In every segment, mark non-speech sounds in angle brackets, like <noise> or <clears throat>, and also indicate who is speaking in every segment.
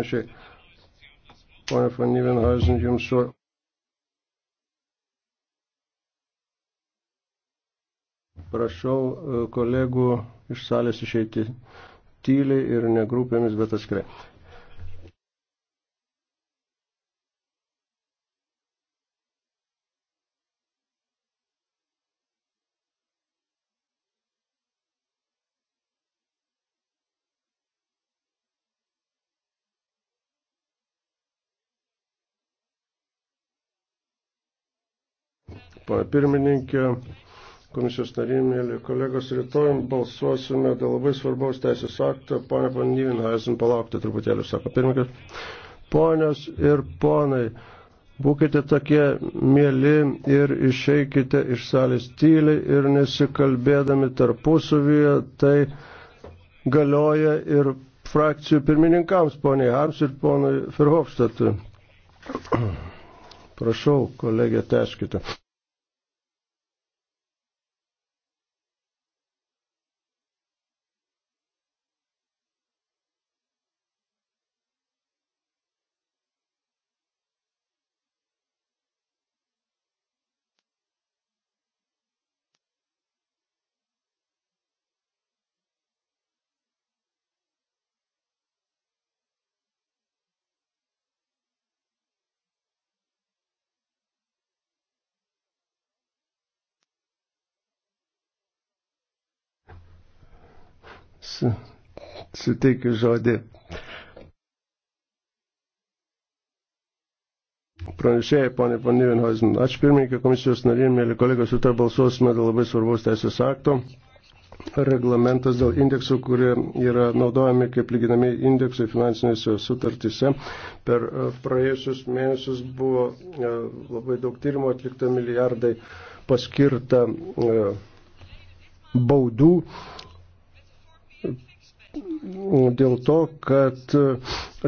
Speaker 1: panašiai. Pone von Nivenhausen, jums su. Prašau e, kolegų iš salės išeiti tyliai ir ne grupėmis, bet atskirai. pirmininkė, komisijos nariai, mėly kolegos, rytoj balsuosime dėl labai svarbaus teisės akto. Pone Vandyvina, esim palaukti truputėlį, sako pirmininkas. Ponios ir ponai, būkite tokie mėly ir išeikite iš salės tyliai ir nesikalbėdami tarpusavyje. Tai galioja ir frakcijų pirmininkams, poniai Hams ir ponui Ferhofstatui. <clears throat> Prašau, kolegė, teškite. suteikiu žodį pranešėjai, ponė Pandivinhoizin. Ačiū pirmininkė komisijos narė, mėly kolegos, rytoj balsuosime dėl labai svarbaus teisės akto. Reglamentas dėl indeksų, kurie yra naudojami kaip lyginami indeksai finansinėse sutartyse. Per e, praėjusius mėnesius buvo e, labai daug tyrimų atlikta milijardai paskirta e, baudų dėl to, kad e,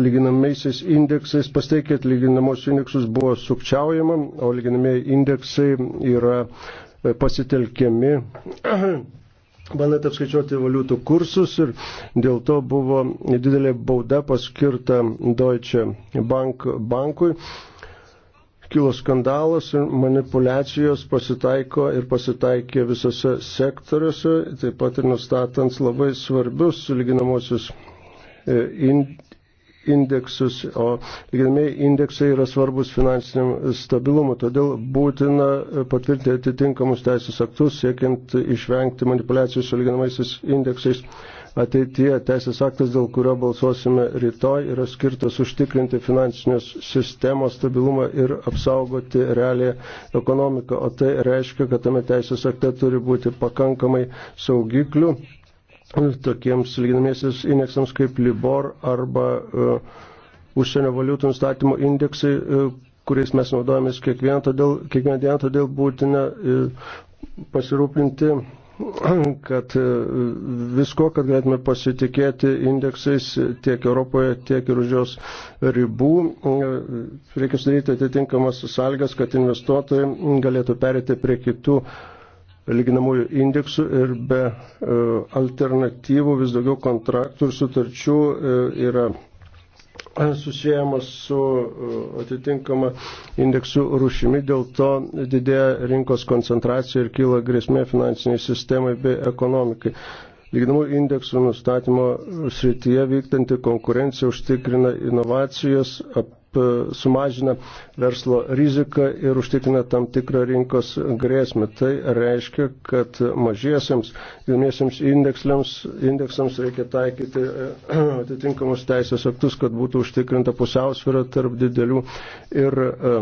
Speaker 1: lyginamaisiais indeksais, pasteikėt lyginamos indeksus buvo sukčiaujama, o lyginamieji indeksai yra e, pasitelkiami, <clears throat> bandant apskaičiuoti valiutų kursus ir dėl to buvo didelė bauda paskirta Deutsche Bank bankui kilo skandalas ir manipulacijos pasitaiko ir pasitaikė visose sektoriuose, taip pat ir nustatant labai svarbius lyginamosius e, indeksus, o lyginamieji indeksai yra svarbus finansiniam stabilumui, todėl būtina patvirtinti atitinkamus teisės aktus, siekiant išvengti manipulacijų su lyginamaisiais indeksais ateityje teisės aktas, dėl kurio balsuosime rytoj, yra skirtas užtikrinti finansinės sistemos stabilumą ir apsaugoti realią ekonomiką. O tai reiškia, kad tame teisės akte turi būti pakankamai saugiklių tokiems lyginamiesis indeksams kaip Libor arba uh, užsienio valiutų nustatymo indeksai, uh, kuriais mes naudojamės kiekvieną, todėl, kiekvieną dieną, todėl būtina uh, pasirūpinti <clears throat> kad e, visko, kad galėtume pasitikėti indeksais tiek Europoje, tiek ir už jos ribų, e, reikia sudaryti atitinkamas sąlygas, kad investuotojai galėtų perėti prie kitų lyginamųjų indeksų ir be e, alternatyvų vis daugiau kontraktų ir sutarčių yra susijęjamas su e, atitinkama indeksų rušimi, dėl to didėja rinkos koncentracija ir kyla grėsmė finansiniai sistemai bei ekonomikai. Lyginamų indeksų nustatymo srityje vykdanti konkurencija užtikrina inovacijas, E, sumažina verslo riziką ir užtikrina tam tikrą rinkos grėsmę. Tai reiškia, kad mažiesiams, jauniesiams indeksams, indeksams reikia taikyti e, <clears throat> atitinkamus teisės aktus, kad būtų užtikrinta pusiausvėra tarp didelių ir e,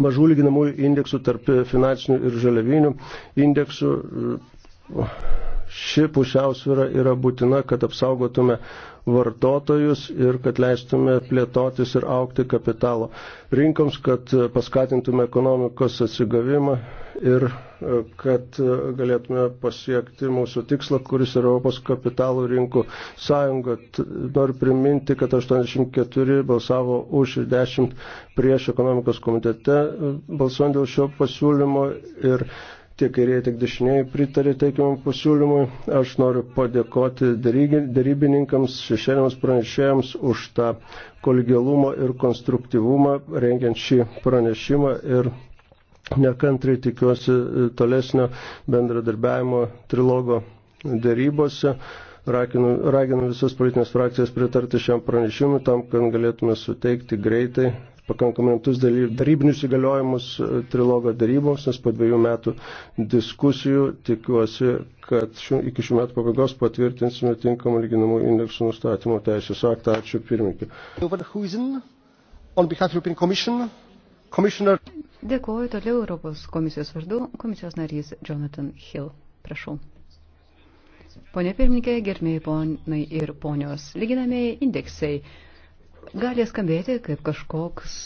Speaker 1: mažų lyginamųjų indeksų, tarp finansinių ir žaliavinių indeksų. Ši pusiausvėra yra būtina, kad apsaugotume uh, vartotojus ir kad leistume plėtotis ir aukti kapitalo rinkoms, kad paskatintume ekonomikos atsigavimą ir e, kad e, galėtume pasiekti mūsų tikslą, kuris yra Europos kapitalų rinkų sąjunga. Noriu priminti, kad 84 balsavo už ir 10 prieš ekonomikos komitete e, balsuojant dėl šio pasiūlymo ir tiek kairieji, tiek dešinieji pritarė teikiamam pasiūlymui. Aš noriu padėkoti darybininkams, šešėliams pranešėjams už tą kolegialumą ir konstruktyvumą rengiant šį pranešimą ir nekantrai tikiuosi tolesnio bendradarbiavimo trilogo darybose. Raginu, raginu visas politinės frakcijas pritarti šiam pranešimui tam, kad galėtume suteikti greitai pakankamai rimtus darybinius įgaliojimus e, trilogo daryboms, nes po dviejų metų diskusijų tikiuosi, kad šių, iki šių metų pabaigos patvirtinsime tinkamą lyginamų indeksų nustatymo teisės aktą. Ačiū pirmininkė. Dėkuoju toliau
Speaker 2: Europos komisijos vardu, komisijos narys Jonathan Hill. Prašau. Pone pirmininkė, gerbėjai ponai ir ponios, lyginamieji indeksai gali skambėti kaip kažkoks,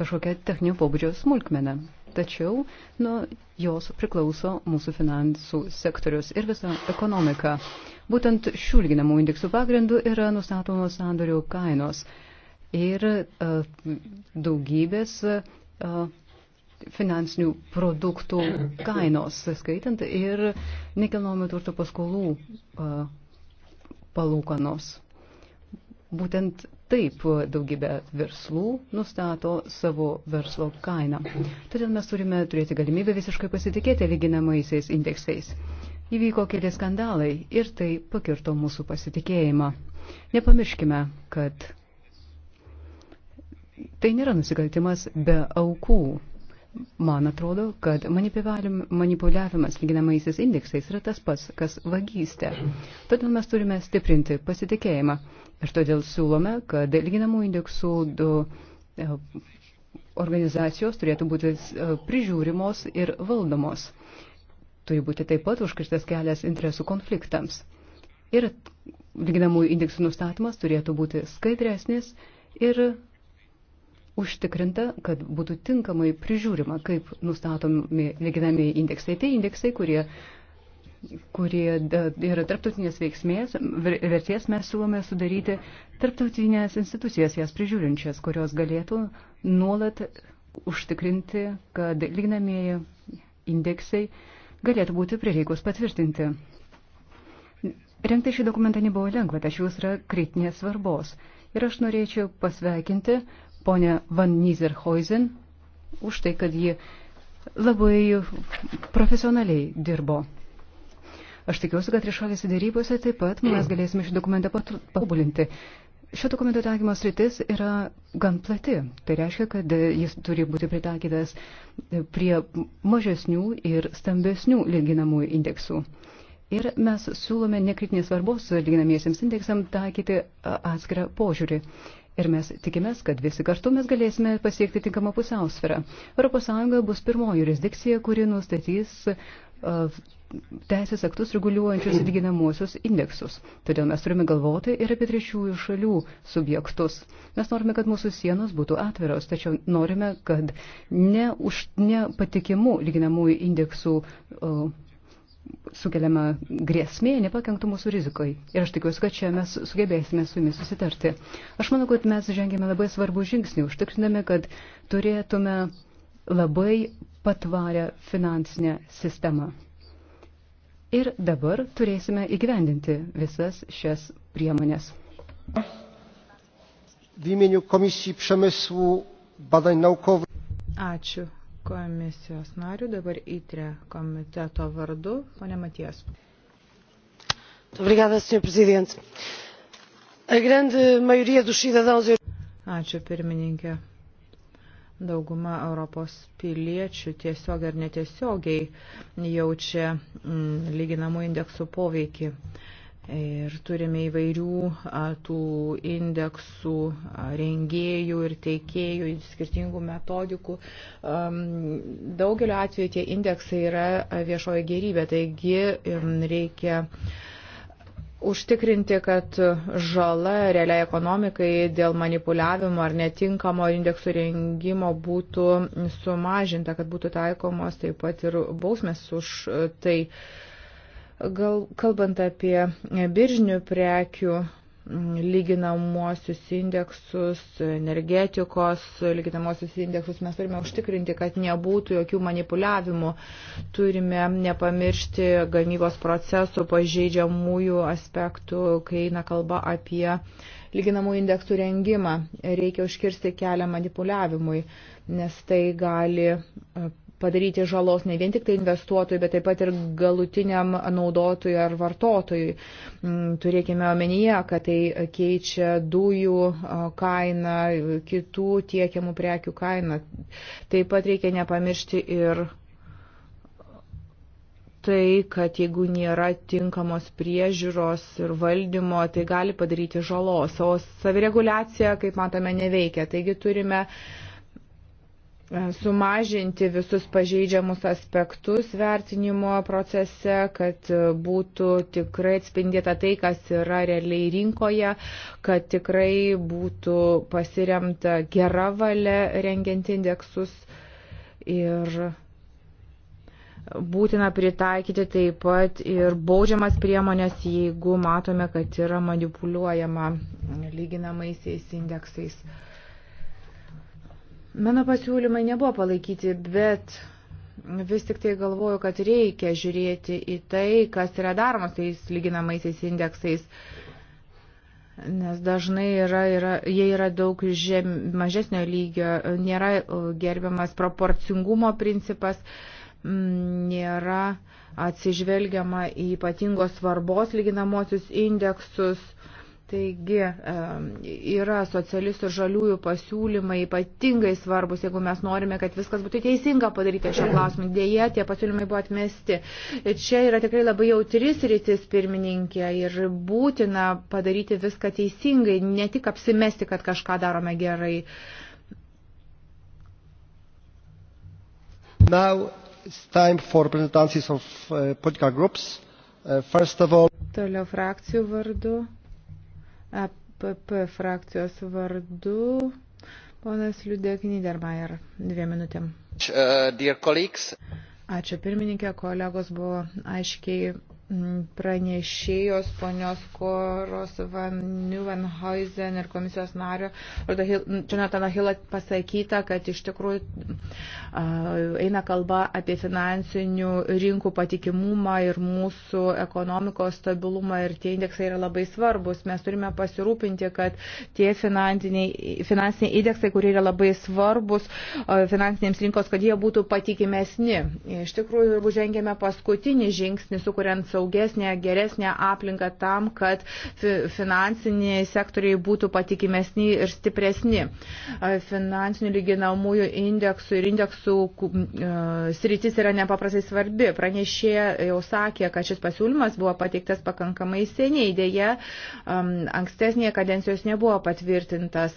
Speaker 2: kažkokia techninio pobūdžio smulkmena. Tačiau nuo jos priklauso mūsų finansų sektorius ir visa ekonomika. Būtent šių lyginamų indeksų pagrindų yra nustatomos sandorių kainos ir uh, daugybės uh, finansinių produktų kainos, skaitant ir nekilnojamo turto paskolų palūkanos. Būtent taip daugybė verslų nustato savo verslo kainą. Todėl mes turime turėti galimybę visiškai pasitikėti lyginamaisiais indeksais. Įvyko keli skandalai ir tai pakirto mūsų pasitikėjimą. Nepamirškime, kad tai nėra nusikaltimas be aukų. Man atrodo, kad manipuliavimas lyginamaisiais indeksais yra tas pats, kas vagystė. Todėl mes turime stiprinti pasitikėjimą. Ir todėl siūlome, kad lyginamų indeksų du, e, organizacijos turėtų būti e, prižiūrimos ir valdomos. Turi būti taip pat užkirstas kelias interesų konfliktams. Ir lyginamų indeksų nustatymas turėtų būti skaidresnis ir užtikrinta, kad būtų tinkamai prižiūrima, kaip nustatomi lyginami indeksai. Tai indeksai, kurie, kurie e, yra tarptautinės veiksmės, vertės mes siūlome sudaryti tarptautinės institucijas, jas prižiūrinčias, kurios galėtų nuolat užtikrinti, kad lyginamieji indeksai galėtų būti prireikus patvirtinti. Rengti šį dokumentą nebuvo lengva, tačiau jis yra kritinės svarbos. Ir aš norėčiau pasveikinti uh, ponę Van Nizerhoizen už tai, kad ji labai profesionaliai dirbo. Aš tikiuosi, kad trišalėse dėrybose taip pat mes galėsime šį dokumentą patobulinti. Šio dokumento taikymas rytis yra gan plati. Tai reiškia, kad jis turi būti pritaikytas prie mažesnių ir stambesnių lyginamųjų indeksų. Ir mes siūlome nekritinės svarbos lyginamiesiems indeksams taikyti atskirą požiūrį. Ir mes tikimės, kad visi kartu mes galėsime pasiekti tinkamą pusiausvyrą. ES bus pirmoji jurisdikcija, kuri nustatys uh, teisės aktus reguliuojančius lyginamosius indeksus. Todėl mes turime galvoti ir apie trečiųjų šalių subjektus. Mes norime, kad mūsų sienos būtų atviros, tačiau norime, kad ne už nepatikimų lyginamųjų indeksų uh, sukeliama grėsmė nepakenktų mūsų rizikai. Ir aš tikiuosi, kad čia mes sugebėsime su jumis susitarti. Aš manau, kad mes žengėme labai svarbų žingsnį, užtikriname, kad turėtume labai patvarę finansinę sistemą. Ir dabar turėsime įgyvendinti visas šias priemonės. W imieniu
Speaker 1: Komisji Przemysłu Badań Naukowych.
Speaker 3: Ačiū komisijos nariu, dabar įtrė e komiteto vardu, ponė Matijas.
Speaker 2: Obrigada, senhor presidente. A grande maioria dos cidadãos.
Speaker 3: Ačiū, pirmininkė. Dauguma Europos piliečių tiesiog ar netiesiogiai jaučia mm, lyginamų indeksų poveikį. Mm, Ir turime įvairių a, tų indeksų a, rengėjų ir teikėjų, skirtingų metodikų. A, daugeliu atveju tie indeksai yra viešoji gerybė, taigi reikia užtikrinti, kad žala realiai ekonomikai dėl manipuliavimo ar netinkamo indeksų rengimo būtų sumažinta, kad būtų taikomos taip pat ir bausmės už tai. Uh, Gal, kalbant apie biržinių prekių mm, lyginamosius indeksus, energetikos lyginamosius indeksus, mes turime užtikrinti, kad nebūtų jokių manipuliavimų. Turime nepamiršti gamybos procesų pažeidžiamųjų aspektų, kai eina kalba apie lyginamų indeksų rengimą. Reikia užkirsti kelią manipuliavimui, nes tai gali padaryti žalos ne vien tik tai investuotojui, bet taip pat ir galutiniam naudotojui ar vartotojui. Mm, turėkime omenyje, kad tai keičia dujų kainą, kitų tiekiamų prekių kainą. Taip pat reikia nepamiršti ir tai, kad jeigu nėra tinkamos priežiūros ir valdymo, tai gali padaryti žalos, o savireguliacija, kaip matome, neveikia. Taigi turime uh, E, sumažinti visus pažeidžiamus aspektus vertinimo procese, kad e, būtų tikrai atspindėta tai, kas yra realiai rinkoje, kad tikrai būtų pasiremta gera valia rengiant indeksus ir būtina pritaikyti taip pat ir baudžiamas priemonės, jeigu matome, kad yra manipuliuojama lyginamaisiais indeksais. Mano pasiūlymai nebuvo palaikyti, bet vis tik tai galvoju, kad reikia žiūrėti į tai, kas yra daroma tais lyginamaisiais indeksais, nes dažnai yra, yra, jie yra daug žem, mažesnio lygio, nėra gerbiamas proporcingumo principas, nėra atsižvelgiama į ypatingos svarbos lyginamosius indeksus. Taigi yra socialistų ir žaliųjų pasiūlymai ypatingai svarbus, jeigu mes norime, kad viskas būtų teisinga padaryti šio klausimu. Dėje tie pasiūlymai buvo atmesti. Čia yra tikrai labai jautris rytis pirmininkė ir būtina padaryti viską teisingai, ne tik apsimesti, kad kažką darome gerai.
Speaker 1: Now it's time for representatives of uh, political groups. Uh, first of all. Toliau
Speaker 3: frakcijų vardu. APP frakcijos vardu. Ponas Liudek Niedermayer, dviem minutėm. Ačiū pirmininkė, kolegos buvo aiškiai pranešėjos ponios Koros Van Neuvenhuizen ir komisijos nario Jonathan Hill pasakyta, kad iš tikrųjų eina kalba apie finansinių rinkų patikimumą ir mūsų ekonomikos stabilumą ir tie indeksai yra labai svarbus. Mes turime pasirūpinti, kad tie finansiniai, finansiniai indeksai, kurie yra labai svarbus finansinėms rinkos, kad jie būtų patikimesni. Iš tikrųjų, žengėme paskutinį žingsnį, sukuriant saugesnę, geresnę aplinką tam, kad finansiniai sektoriai būtų patikimesni ir stipresni. Finansinių lyginamųjų indeksų ir indeksų sritis yra nepaprastai svarbi. Pranešė jau sakė, kad šis pasiūlymas buvo pateiktas pakankamai seniai, dėje ankstesnėje kadencijos nebuvo patvirtintas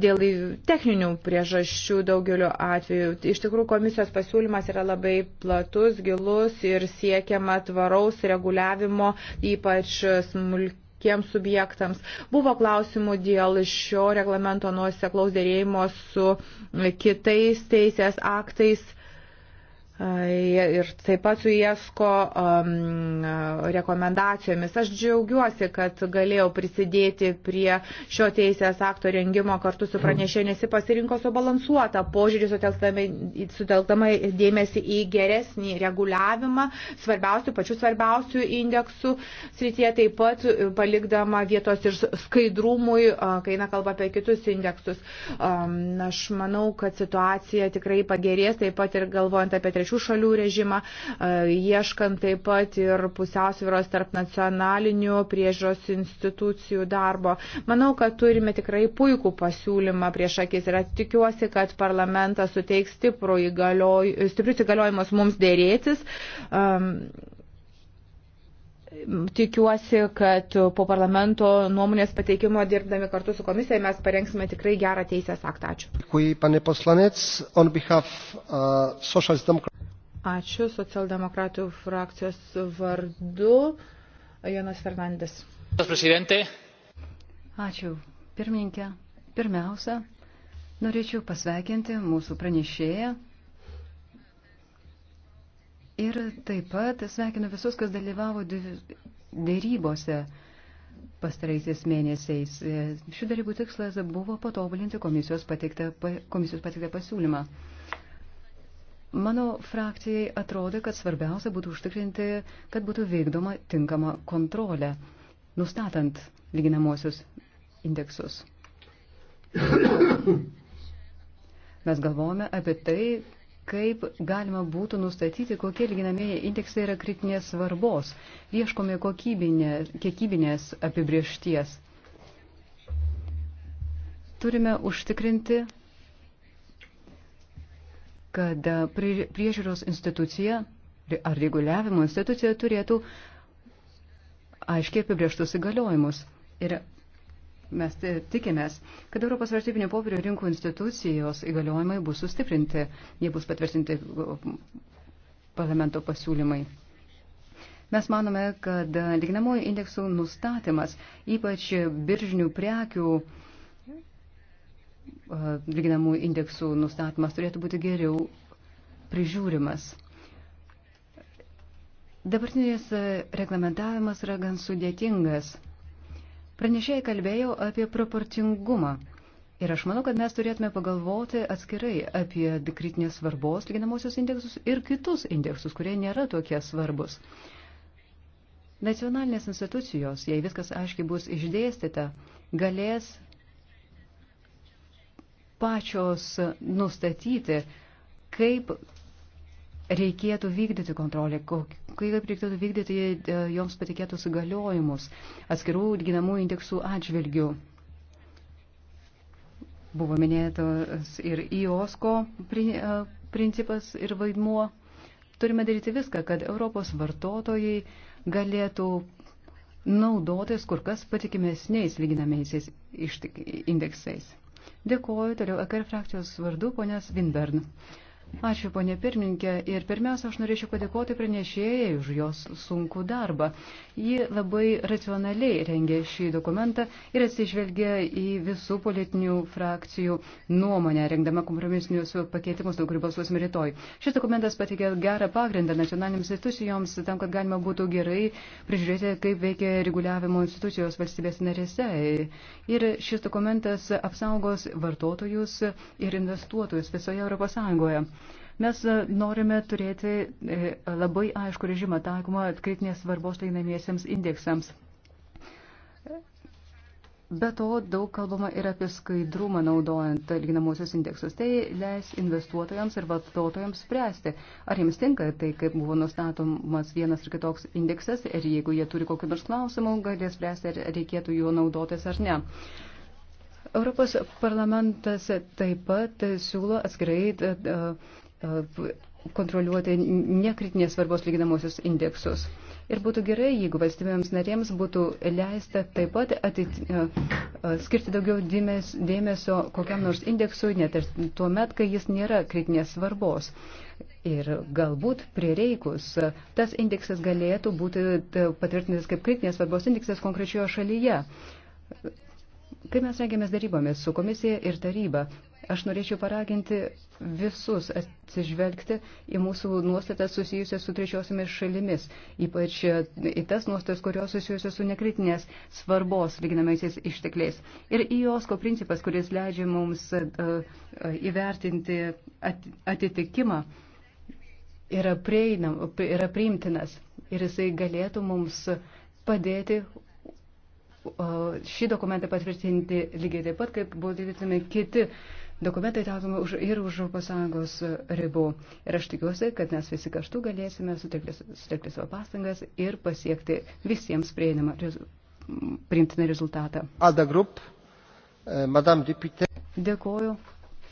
Speaker 3: dėl techninių priežasčių daugeliu atveju. Iš tikrųjų, komisijos pasiūlymas yra labai platus, gilus ir siekiama tvaraus reguliavimo reguliavimo, ypač smulkiai tiems subjektams. Buvo klausimų dėl šio reglamento nuoseklaus dėrėjimo su kitais teisės aktais ir taip pat su IESCO um, rekomendacijomis. Aš džiaugiuosi, kad galėjau prisidėti prie šio teisės akto rengimo kartu su pranešė, nes ji pasirinko subalansuotą požiūrį, sutelkdama dėmesį į geresnį reguliavimą svarbiausių, pačių svarbiausių indeksų srityje, taip pat palikdama vietos ir skaidrumui, kai eina kalba apie kitus indeksus. Um, aš manau, kad situacija tikrai pagerės, taip pat ir galvojant apie trečių trečių šalių režimą, e, ieškant taip pat ir pusiausvyros tarp nacionalinių priežos institucijų darbo. Manau, kad turime tikrai puikų pasiūlymą prieš akis ir tikiuosi, kad parlamentas suteiks įgalioj, stiprius įgaliojimus mums dėrėtis. Um, tikiuosi, kad po parlamento nuomonės pateikimo dirbdami kartu su komisija mes parengsime tikrai gerą teisės aktą. Ačiū. Ačiū socialdemokratų frakcijos vardu. Jonas Fernandes.
Speaker 2: Ačiū, pirmininkė. Pirmiausia, norėčiau pasveikinti mūsų pranešėją. Ir taip pat sveikinu visus, kas dalyvavo dėrybose pastaraisiais mėnesiais. Šių darybų tikslas buvo patobulinti komisijos pateiktą, komisijos pateiktą pasiūlymą. Mano frakcijai atrodo, kad svarbiausia būtų užtikrinti, kad būtų vykdoma tinkama kontrolė, nustatant lyginamosius indeksus. Mes galvojame apie tai, kaip galima būtų nustatyti, kokie lyginamieji indeksai yra kritinės svarbos, ieškome kiekybinės apibriešties. Turime užtikrinti kad priežiūros institucija ar reguliavimo institucija turėtų aiškiai apibrieštus įgaliojimus. Ir mes tikimės, kad Europos vertybinio popierio rinkų institucijos įgaliojimai bus sustiprinti, jie bus patvirtinti parlamento pasiūlymai. Mes manome, kad lyginamojo indeksų nustatymas, ypač biržinių prekių, uh, lyginamų indeksų nustatymas turėtų būti geriau prižiūrimas. Dabartinės reglamentavimas yra gan sudėtingas. Pranešėjai kalbėjo apie proporcingumą. Ir aš manau, kad mes turėtume pagalvoti atskirai apie kritinės svarbos lyginamosios indeksus ir kitus indeksus, kurie nėra tokie svarbus. Nacionalinės institucijos, jei viskas aiškiai bus išdėstyta, galės pačios nustatyti, kaip reikėtų vykdyti kontrolę, kaip reikėtų vykdyti e, joms patikėtus įgaliojimus atskirų ginamų indeksų atžvilgių. Buvo minėtas ir IOSCO e, principas ir vaidmuo. Turime daryti viską, kad Europos vartotojai galėtų naudotis kur kas patikimesniais lyginamaisiais indeksais. Dėkuoju toliau EKR frakcijos vardu, ponės Vinbern. Ačiū, ponė pirmininkė. Ir pirmiausia, aš norėčiau padėkoti pranešėjai už jos sunkų darbą. Ji labai racionaliai rengė šį dokumentą ir atsižvelgė į visų politinių frakcijų nuomonę, rengdama kompromisinius pakeitimus, dėl kurių balsuosime rytoj. Šis dokumentas patikė gerą pagrindą nacionalinėms institucijoms tam, kad galima būtų gerai prižiūrėti, kaip veikia reguliavimo institucijos valstybės narėse. Ir šis dokumentas apsaugos vartotojus ir investuotojus visoje Europos Sąjungoje. Mes e, norime turėti e, labai aišku režimą taikomą kritinės svarbos laimėmiesiems indeksams. Be to, daug kalbama ir apie skaidrumą naudojant lyginamosios indeksus. Tai leis investuotojams ir vartotojams spręsti, ar jiems tinka tai, kaip buvo nustatomas vienas ir kitoks indeksas, ir jeigu jie turi kokiu nors klausimu, galės spręsti, ar reikėtų juo naudotis ar ne. Europos parlamentas taip pat siūlo atskirai e, kontroliuoti nekritinės svarbos lyginamosius indeksus. Ir būtų gerai, jeigu valstybėms narėms būtų leista taip pat atit, skirti daugiau dėmesio kokiam nors indeksui, net ir tuo met, kai jis nėra kritinės svarbos. Ir galbūt prireikus tas indeksas galėtų būti patvirtintas kaip kritinės svarbos indeksas konkrečioje šalyje. Kai mes rengėmės darybomis su komisija ir taryba, Aš norėčiau paraginti visus atsižvelgti į mūsų nuostatas susijusias su trečiosiomis šalimis, ypač į tas nuostatas, kurios susijusios su nekritinės svarbos lyginamaisiais ištekliais. Ir į Josko principas, kuris leidžia mums e, e, įvertinti atitikimą, yra, prieinam, yra priimtinas ir jisai galėtų mums padėti šį dokumentą patvirtinti lygiai taip pat, kaip buvo didinami kiti uh, dokumentai tatomi už, ir už ES ribų. Ir aš tikiuosi, kad mes visi kartu galėsime sutelkti, sutelkti savo pastangas ir pasiekti visiems prieinamą rezu, priimtiną rezultatą. Alda Grup, e, Madame Dipite. Dėkoju.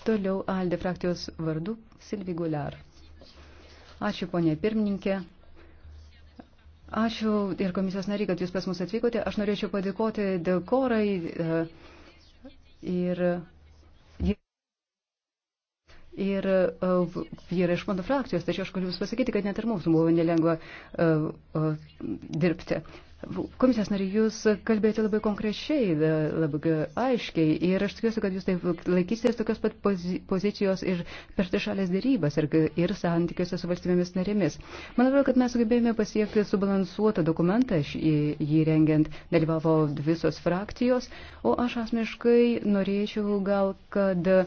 Speaker 2: Toliau Alde frakcijos vardu Silvi Guliar. Ačiū, ponė pirmininkė. Ačiū ir komisijos nariai, kad jūs pas mus atvykote. Aš norėčiau padėkoti Korai e, ir ir jie yra iš mano frakcijos, tačiau aš galiu Jums pasakyti, kad net ir mums buvo nelengva uh, uh, dirbti. Komisijos nariai, Jūs kalbėjote labai konkrečiai, e, labai aiškiai ir aš tikiuosi, kad Jūs taip laikysitės tokios pat pozicijos ir per trišalės dėrybas ir, ir santykiuose su valstybėmis narėmis. Man atrodo, kad mes sugebėjome pasiekti subalansuotą dokumentą, aš jį, jį rengiant dalyvavo visos frakcijos, o aš asmeniškai norėčiau gal, kad uh,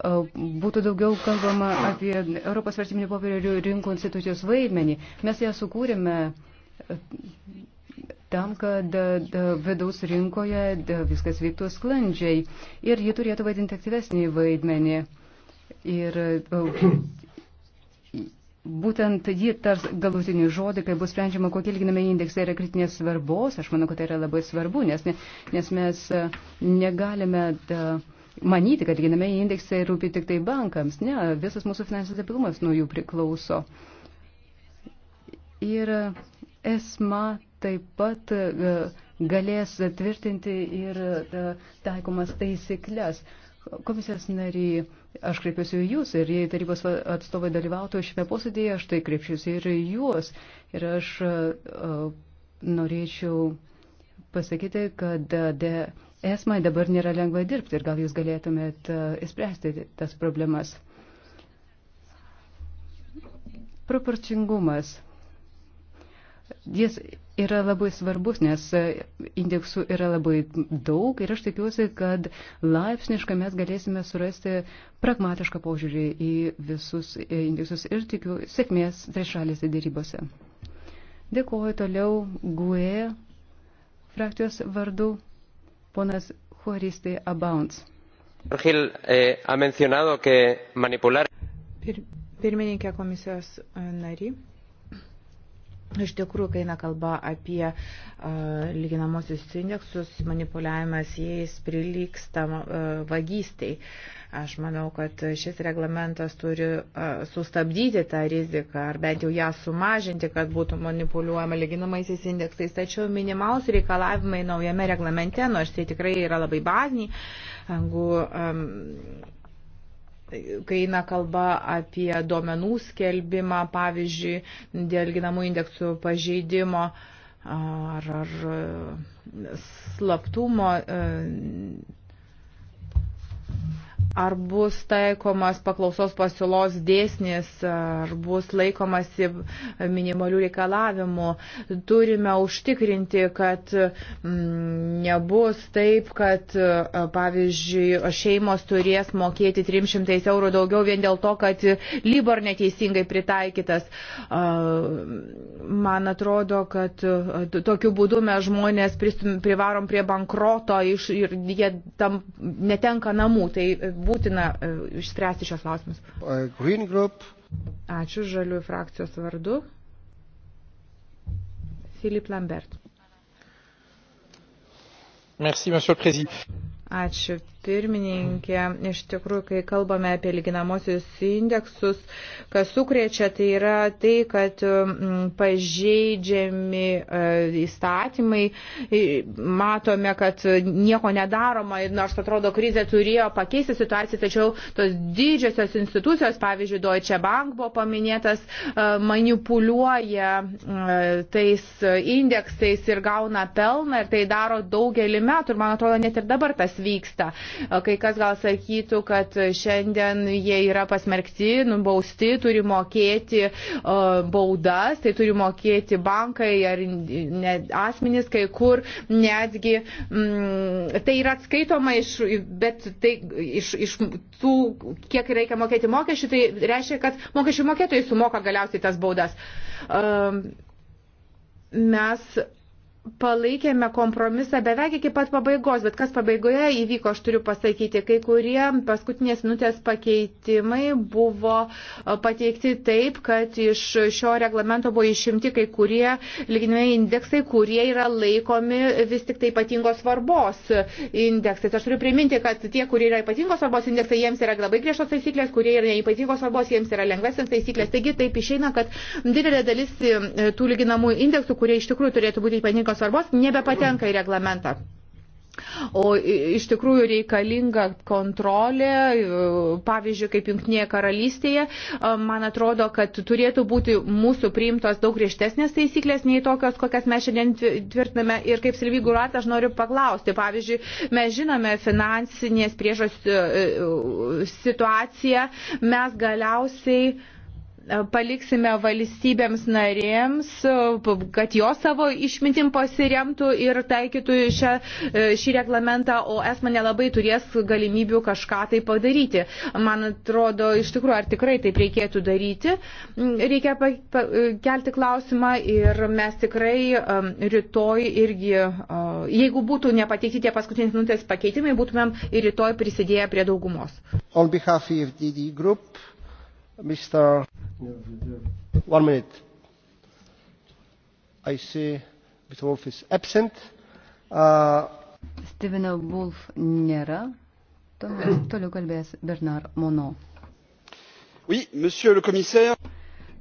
Speaker 2: būtų daugiau kalbama apie Europos vertiminių popierių rinkų institucijos vaidmenį. Mes ją sukūrėme tam, kad vidaus rinkoje viskas vyktų sklandžiai ir ji turėtų vaidinti aktyvesnį vaidmenį. Ir būtent ji tars galutinį žodį, kai bus sprendžiama, kokie lyginami indeksai yra kritinės svarbos. Aš manau, kad tai yra labai svarbu, nes, nes mes negalime. Da, manyti, kad ginamieji indeksai rūpi tik tai bankams. Ne, visas mūsų finansinis stabilumas nuo jų priklauso. Ir esma taip pat e, galės tvirtinti ir e, taikomas taisyklės. Komisijos nariai, aš kreipiuosi į Jūs ir jei tarybos atstovai dalyvautų šiame posėdėje, aš tai kreipčiausi ir į Jūs. Ir aš e, norėčiau pasakyti, kad esmai dabar nėra lengva dirbti ir gal jūs galėtumėt įspręsti e, tas problemas. Proporcingumas. Jis yra labai svarbus, nes e, indeksų yra labai daug ir aš tikiuosi, kad laipsniškai mes galėsime surasti pragmatišką požiūrį į visus e, indeksus ir tikiu sėkmės trišalėse dėrybose. Dėkuoju toliau GUE frakcijos vardu Ponas Juaristai Abounds.
Speaker 1: Virgil eh, ha mencionado que manipular.
Speaker 2: Pir pirmininkė komisijos eh,
Speaker 3: nari. Iš tikrųjų, kai eina kalba apie uh, lyginamosius indeksus, manipuliavimas jais prilyksta uh, vagystiai. Aš manau, kad šis reglamentas turi uh, sustabdyti tą riziką ar bent jau ją sumažinti, kad būtų manipuliuojama lyginamaisiais indeksais. Tačiau minimalus reikalavimai naujame reglamente, nors nu, tai tikrai yra labai baziniai, jeigu um, kai eina kalba apie duomenų skelbimą, pavyzdžiui, dėl ginamų indeksų pažeidimo ar, ar e, slaptumo e, ar bus taikomas paklausos pasiūlos dėsnis, ar bus laikomasi minimalių reikalavimų. Turime užtikrinti, kad mm, nebus taip, kad, pavyzdžiui, šeimos turės mokėti 300 eurų daugiau vien dėl to, kad Libor neteisingai pritaikytas. Man atrodo, kad tokiu būdu mes žmonės privarom prie bankroto ir jie tam netenka namų. Tai būtina e, išspręsti šios klausimus. Green Group. Ačiū žaliųjų frakcijos vardu. Filip Lambert. Merci, monsieur le président. Ačiū pirmininkė. Iš tikrųjų, kai kalbame apie lyginamosius indeksus, kas sukrečia, tai yra tai, kad mm, pažeidžiami e, įstatymai, matome, kad nieko nedaroma ir nors atrodo krizė turėjo pakeisti situaciją, tačiau tos didžiosios institucijos, pavyzdžiui, Deutsche Bank buvo paminėtas, e, manipuliuoja e, tais indeksais ir gauna pelną ir tai daro daugelį metų ir man atrodo net ir dabar tas vyksta. Kai kas gal sakytų, kad šiandien jie yra pasmerkti, nubausti, turi mokėti baudas, tai turi mokėti bankai ar asmenys, kai kur netgi m, mm, tai yra atskaitoma iš, bet tai, iš, iš tų, kiek reikia mokėti mokesčių, tai reiškia, kad mokesčių mokėtojai sumoka galiausiai tas baudas. Ehm, mes palaikėme kompromisą beveik iki pat pabaigos, bet kas pabaigoje įvyko, aš turiu pasakyti, kai kurie paskutinės minutės pakeitimai buvo pateikti taip, kad iš šio reglamento buvo išimti kai kurie lyginimiai indeksai, kurie yra laikomi vis tik tai ypatingos svarbos indeksais. Aš turiu priminti, kad tie, kurie yra ypatingos svarbos indeksai, jiems yra labai griežtos taisyklės, kurie yra neypatingos svarbos, jiems yra lengvesnės taisyklės. Taigi taip išeina, kad didelė dalis e, tų lyginamų indeksų, kurie iš tikrųjų turėtų būti ypatingos tokios svarbos, nebepatenka į reglamentą. O iš tikrųjų reikalinga kontrolė, pavyzdžiui, kaip Junktinėje karalystėje, man atrodo, kad turėtų būti mūsų priimtos daug griežtesnės taisyklės nei tokios, kokias mes šiandien tvirtiname. Ir kaip Silvygų ratas noriu paklausti, pavyzdžiui, mes žinome finansinės priežos e, e, situaciją, mes galiausiai paliksime valstybėms narėms, kad jos savo išmintim pasiremtų ir taikytų šią, šį reglamentą, o esmą nelabai turės galimybių kažką tai padaryti. Man atrodo, iš tikrųjų, ar tikrai taip reikėtų daryti, reikia kelti klausimą ir mes tikrai um, rytoj irgi, uh, jeigu būtų nepateikti tie paskutinės minutės pakeitimai, būtumėm ir rytoj prisidėję prie daugumos.
Speaker 1: On behalf of DD e Group, Mr. One minute. I see Mr. Wolf is absent.
Speaker 2: Uh, Steveno Wolf nėra. Tuomet toliau kalbės Bernard Monod. Oui,
Speaker 1: monsieur le commissaire.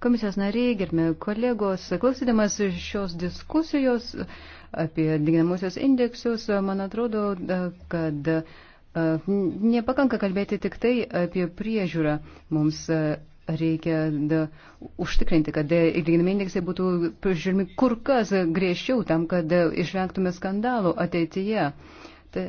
Speaker 2: Komisijos nariai, gerbimi kolegos, klausydamas šios diskusijos apie dignamosios indeksus, man atrodo, kad Nepakanka kalbėti tik tai apie priežiūrą. Mums reikia da, užtikrinti, kad atlyginimai indeksai būtų prižiūrimi kur kas griežčiau tam, kad išvengtume skandalų ateityje. Tai,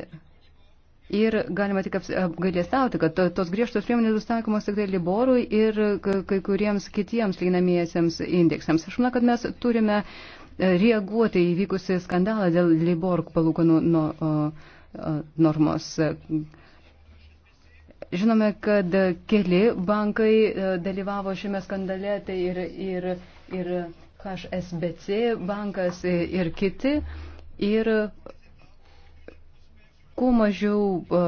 Speaker 2: ir galima tik apgailėstauti, kad to, tos griežtos priemonės bus taikomos tik tai liborui ir kai kuriems kitiems lyginamiesiems indeksams. Aš manau, kad mes turime e, reaguoti įvykusi skandalą dėl libor palūkanų no, no, normos. No, Žinome, kad keli bankai e, dalyvavo šiame skandale, tai ir, ir, ir HSBC bankas e, ir kiti. Ir kuo mažiau e,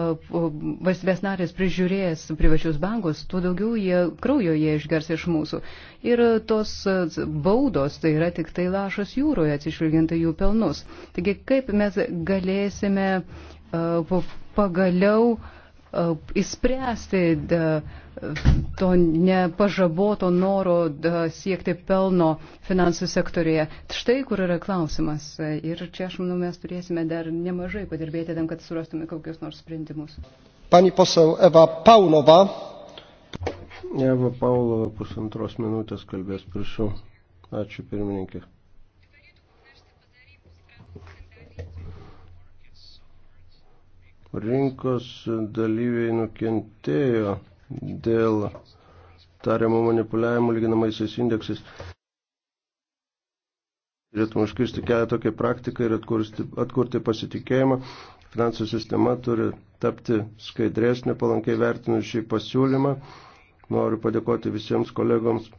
Speaker 2: valstybės narės prižiūrės privačius bankus, tuo daugiau jie kraujo jie išgers iš mūsų. Ir tos baudos tai yra tik tai lašas jūroje atsižvelginti jų pelnus. Taigi kaip mes galėsime pagaliau uh, įspręsti uh, to nepažaboto noro siekti pelno finansų sektorėje. Štai kur yra klausimas. Ir čia, aš manau, mes turėsime dar nemažai padirbėti tam, kad surastume kokius nors sprendimus.
Speaker 1: Pani posel Eva Paunova. Eva Paunova pusantros minutės kalbės, prašau. Ačiū pirmininkė. rinkos dalyviai nukentėjo dėl tariamo manipuliavimo lyginamaisiais indeksais. Turėtume užkirsti kelią tokiai praktikai ir atkurti, atkurti pasitikėjimą. Finansų sistema turi tapti skaidresnė, palankiai vertinu šį pasiūlymą. Noriu padėkoti visiems kolegoms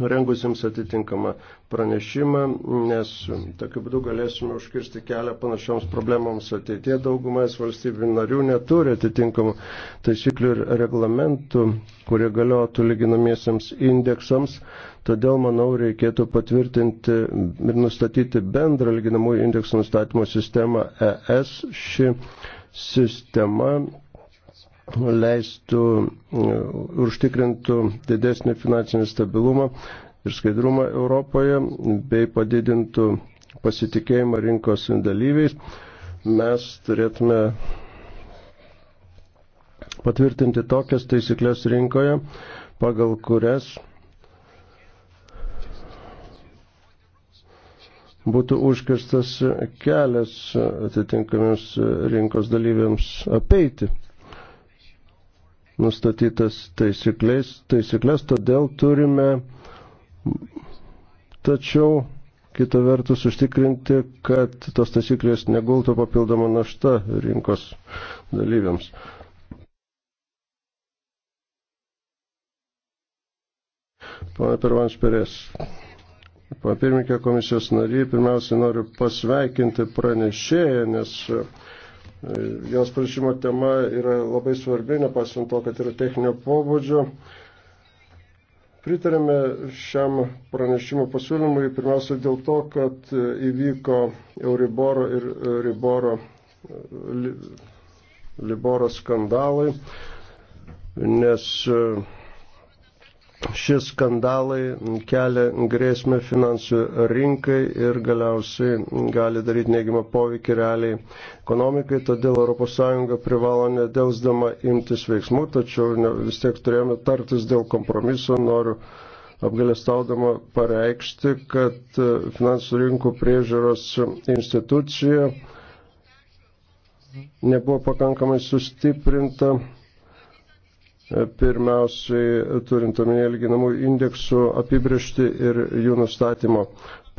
Speaker 1: rengusiems atitinkamą pranešimą, nes tokiu būdu galėsime užkirsti kelią panašioms problemams ateitie. Daugumas valstybių narių neturi atitinkamų taisyklių ir reglamentų, kurie galiotų lyginamiesiams indeksams. Todėl, manau, reikėtų patvirtinti ir nustatyti bendrą lyginamųjų indeksų nustatymo sistemą ES. Ši sistema leistų ir e, užtikrintų didesnį finansinį stabilumą ir skaidrumą Europoje bei padidintų pasitikėjimą rinkos dalyviais, mes turėtume patvirtinti tokias taisyklės rinkoje, pagal kurias būtų užkirstas kelias atitinkamiems rinkos dalyviams apeiti nustatytas taisyklės, taisyklės todėl turime tačiau kita vertus užtikrinti, kad tos taisyklės negultų papildomą naštą rinkos dalyviams. Pana Pervans Perės. Pana pirmininkė komisijos nariai, pirmiausiai noriu pasveikinti pranešėją, nes Jos pranešimo tema yra labai svarbi, nepasant to, kad yra techninio pobūdžio. Pritarėme šiam pranešimo pasiūlymui pirmiausia dėl to, kad įvyko Euriboro ir Riboro, Liboro skandalai, nes Šie skandalai kelia grėsmę finansų rinkai ir galiausiai gali daryti neigiamą poveikį realiai ekonomikai, todėl ES privalo nedelsdama imtis veiksmų, tačiau vis tiek turėjome tartis dėl kompromiso, noriu apgalėstaudama pareikšti, kad e, finansų rinkų priežiūros institucija nebuvo pakankamai sustiprinta pirmiausiai turint omenyje lyginamų indeksų apibriešti ir jų nustatymo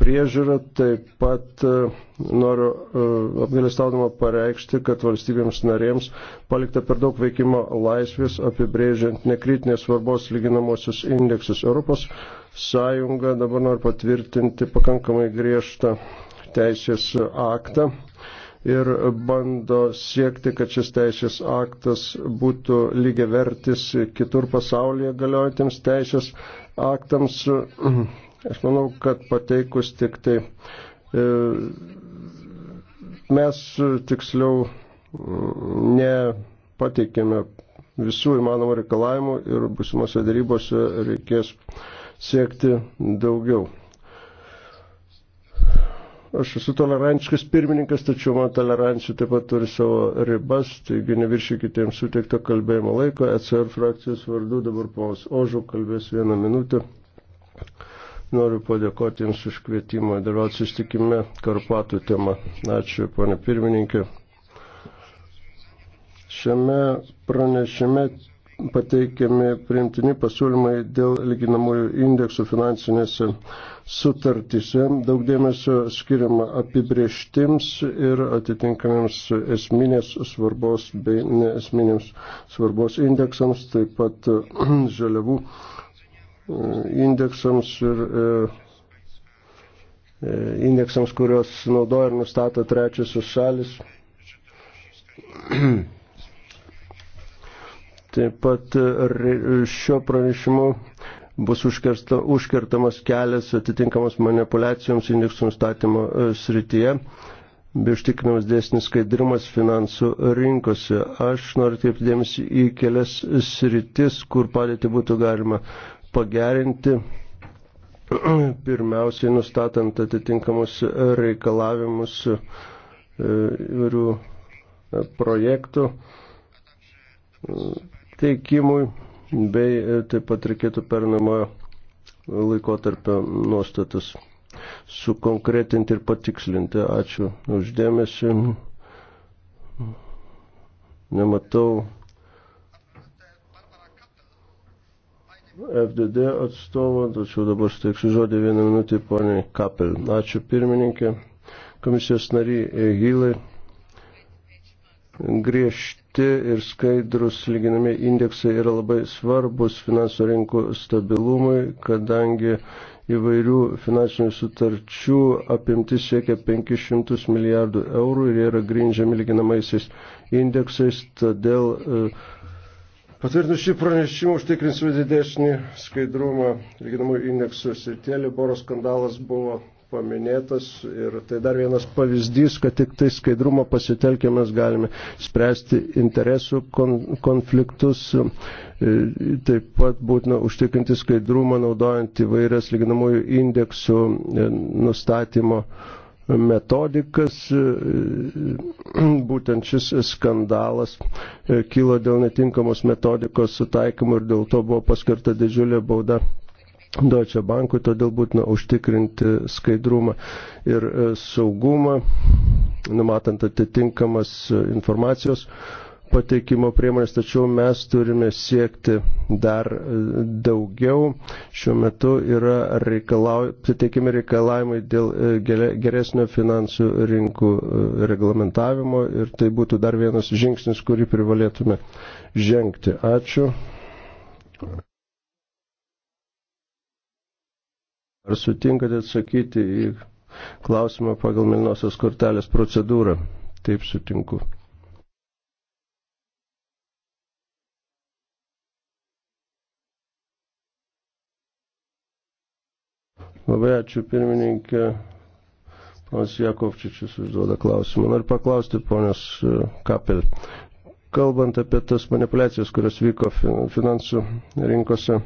Speaker 1: priežiūrą. Taip pat e, noriu e, apgalėstaudama pareikšti, kad valstybėms narėms palikta per daug veikimo laisvės apibrėžiant nekritinės svarbos lyginamosius indeksus. Europos Sąjunga dabar nori patvirtinti pakankamai griežtą teisės aktą ir bando siekti, kad šis teisės aktas būtų lygiai vertis kitur pasaulyje galiojantiems teisės aktams. <clears throat> Aš manau, kad pateikus tik tai e, mes tiksliau nepateikėme visų įmanomų reikalavimų ir busimuose darybose reikės siekti daugiau. Aš esu tolerantiškas pirmininkas, tačiau mano tolerancija taip pat turi savo ribas, taigi neviršykite jiems suteikto kalbėjimo laiko. ECR frakcijos vardu dabar paus Ožų kalbės vieną minutę. Noriu padėkoti Jums už kvietimą dalyvauti sustikime Karpatų tema. Ačiū, ponė pirmininkė. Šiame pranešime pateikiami priimtini pasiūlymai dėl lyginamųjų indeksų finansinėse sutartyse. Daug dėmesio skiriama apibrieštims ir atitinkamiems esminės svarbos bei esminėms svarbos indeksams, taip pat <clears throat> žaliavų e, indeksams ir e, e, indeksams, kurios naudoja ir nustato trečiosios šalis. <clears throat> Taip pat šio pranešimu bus užkersta, užkertamas kelias atitinkamas manipulacijoms indeksų nustatymo e, srityje bei užtikrinamas dėsnis skaidrimas finansų rinkose. Aš noriu taip dėmesį į kelias sritis, kur padėti būtų galima pagerinti. <clears throat> Pirmiausiai nustatant atitinkamus reikalavimus e, įvairių e, projektų teikimui bei e, taip pat reikėtų pernamojo laikotarpio nuostatas sukonkretinti ir patikslinti. Ačiū uždėmesi. Nematau FDD atstovo, tačiau dabar steiksiu žodį vieną minutį poniai Kapel. Ačiū pirmininkė, komisijos nariai Hylai. Griežti aukšti ir skaidrus lyginami indeksai yra labai svarbus finansų rinkų stabilumui, kadangi įvairių finansinių sutarčių apimtis siekia 500 milijardų eurų ir jie yra grindžiami lyginamaisiais indeksais, todėl e, patvirtinus šį pranešimą užtikrinsime didesnį skaidrumą lyginamų indeksų ir tie Liboro skandalas buvo paminėtas ir tai dar vienas pavyzdys, kad tik tai skaidrumo pasitelkę mes galime spręsti interesų kon konfliktus. E, taip pat būtina užtikrinti skaidrumą naudojant įvairias lyginamųjų indeksų e, nustatymo metodikas. E, būtent šis skandalas kilo dėl netinkamos metodikos sutaikymų ir dėl to buvo paskirta didžiulė bauda Deutsche Bankui, todėl būtina užtikrinti skaidrumą ir e, saugumą, numatant atitinkamas e, informacijos pateikimo priemonės, tačiau mes turime siekti dar e, daugiau. Šiuo metu yra reikalau, pateikimi reikalavimai dėl geresnio finansų rinkų reglamentavimo ir tai būtų dar vienas žingsnis, kurį privalėtume žengti. Ačiū. Ar sutinkate atsakyti į klausimą pagal Milnosios kortelės procedūrą? Taip sutinku. Labai ačiū pirmininkė. Ponas Jakovčičius užduoda klausimą. Noriu paklausti, ponas e, Kapel, kalbant apie tas manipulacijas, kurios vyko finansų rinkose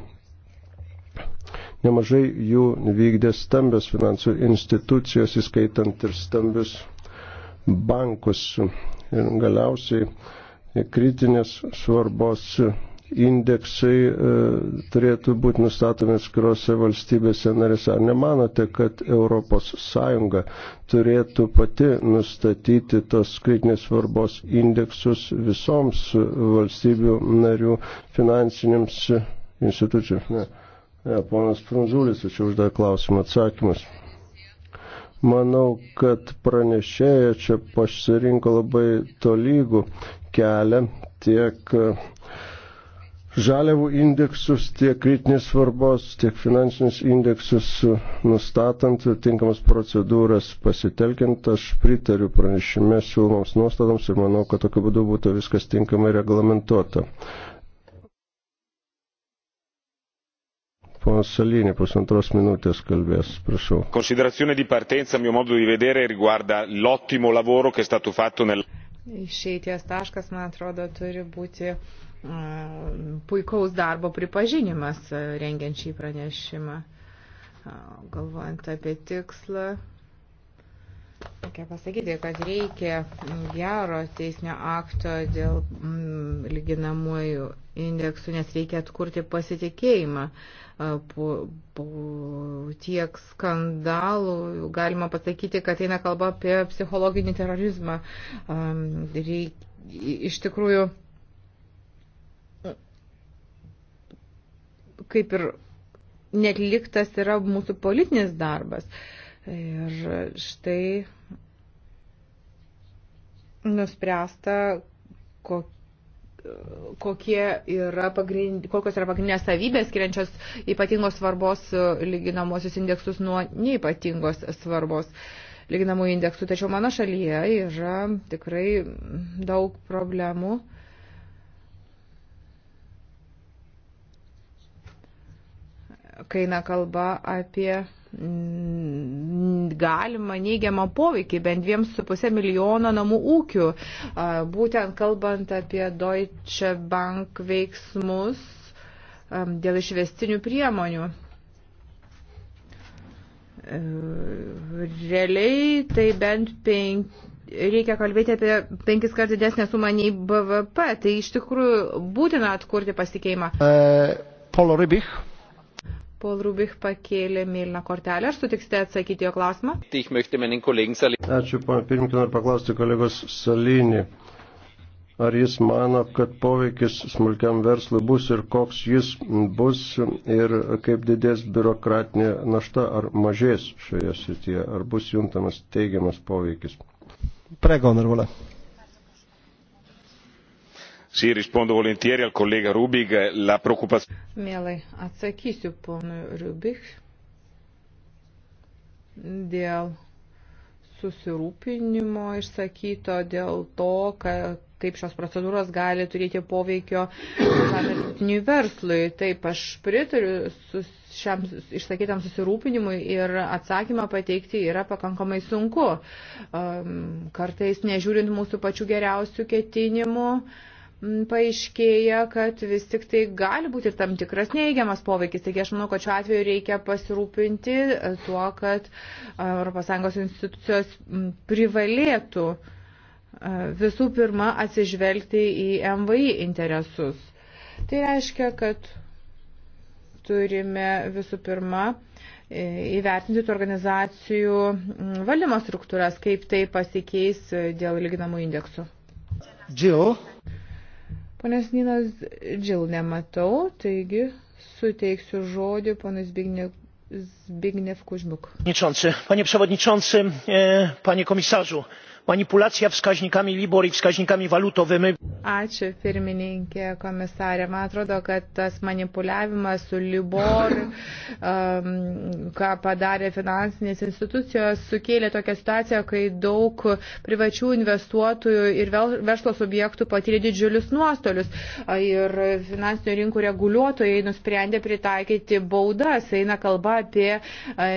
Speaker 1: Nemažai jų vykdė stambios finansų institucijos, įskaitant ir stambius bankus. Ir galiausiai kritinės svarbos indeksai e, turėtų būti nustatomi atskirose valstybėse narėse. Ar nemanote, kad ES turėtų pati nustatyti tos kritinės svarbos indeksus visoms valstybių narių finansinėms institucijoms? Ne. Ne, ponas Prunzulis, aš jau uždavė klausimą atsakymas. Manau, kad pranešėja čia pasirinko labai tolygų kelią tiek e, žaliavų indeksus, tiek kritinės svarbos, tiek finansinius indeksus nustatant ir tinkamas procedūras pasitelkiant. Aš pritariu pranešime siūlomoms nuostatoms ir manau, kad tokiu būdu būtų viskas tinkamai reglamentuota. Ponas Salinė, pusantros minutės kalbės, prašau. Considerazione di partenza, mio modo di vedere, riguarda l'ottimo lavoro che è stato fatto nel.
Speaker 3: Išeities taškas, man atrodo, turi būti mm, puikaus darbo pripažinimas rengiant šį pranešimą, galvojant apie tikslą Reikia pasakyti, kad reikia gero teisinio akto dėl mm, lyginamųjų indeksų, nes reikia atkurti pasitikėjimą. Po, po tiek skandalų galima pasakyti, kad eina kalba apie psichologinį terorizmą. Reik, iš tikrųjų, kaip ir netliktas yra mūsų politinis darbas. Uh, Ir štai nuspręsta, kokia kokie yra pagrind, kokios yra pagrindinės savybės skiriančios ypatingos svarbos e, lyginamosius indeksus nuo neipatingos svarbos lyginamųjų indeksų. Tačiau mano šalyje yra tikrai daug problemų. Kai na kalba apie galima neigiamą poveikį bent 2,5 milijono namų ūkių. Būtent kalbant apie Deutsche Bank veiksmus dėl išvestinių priemonių e, realiai tai bent penk, reikia kalbėti apie penkis kart didesnę sumą nei BVP. Tai iš tikrųjų būtina atkurti pasitikėjimą.
Speaker 1: Uh, e, Polo Rybich.
Speaker 3: Paul Rubich pakėlė mėlyną kortelę. Ar sutiksite atsakyti jo klausimą?
Speaker 1: Ačiū, pana pirmininkė, noriu paklausti kolegos Salinį. Ar jis mano, kad poveikis smulkiam verslui bus ir koks jis bus ir kaip didės biurokratinė našta ar mažės šioje srityje? Ar bus juntamas teigiamas poveikis? Prego, Narvulė. Sì, rispondo volentieri al collega Rubik. La preoccupazione.
Speaker 3: Mielai atsakysiu ponui Rubik dėl susirūpinimo išsakyto, dėl to, kad kaip šios procedūros gali turėti poveikio žemėtiniui verslui. Taip, aš pritariu sus, šiam išsakytam susirūpinimui ir atsakymą pateikti yra pakankamai sunku. Um, kartais, nežiūrint mūsų pačių geriausių ketinimų, uh, Mm, paaiškėja, kad vis tik tai gali būti ir tam tikras neįgiamas poveikis. Taigi aš manau, kad šiuo atveju reikia pasirūpinti e, tuo, kad e, ES institucijos mm, privalėtų e, visų pirma atsižvelgti į MVI interesus. Tai reiškia, kad turime visų pirma įvertinti tų organizacijų mm, valdymo struktūras, kaip tai pasikeis dėl lyginamų indeksų. Džiu. Ponas Ninas Džil nematau, taigi suteiksiu žodį ponas Bignev. Zbigniew
Speaker 2: Kuźmiuk. Panie Przewodniczący, e, Panie Komisarzu! manipulacija wskaźnikami libor ir wskaźnikami walutowymi.
Speaker 3: Ačiū pirmininkė komisarė. Man atrodo, kad tas manipuliavimas su libor, <laughs> um, ką padarė finansinės institucijos, sukėlė tokią situaciją, kai daug privačių investuotojų ir verslo subjektų patyrė didžiulius nuostolius. Ir finansinių rinkų reguliuotojai nusprendė pritaikyti baudas. Eina kalba apie e,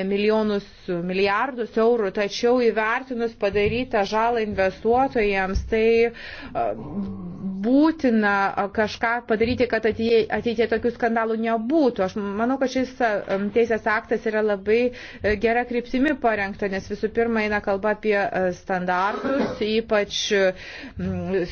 Speaker 3: milijonus, milijardus eurų. Tačiau įvertinus padarytą žalą, žalą investuotojams, tai būtina kažką padaryti, kad ateitie tokių skandalų nebūtų. Aš manau, kad šis teisės aktas yra labai e, gera kryptimi parengta, nes visų pirma eina kalba apie e, standartus, ypač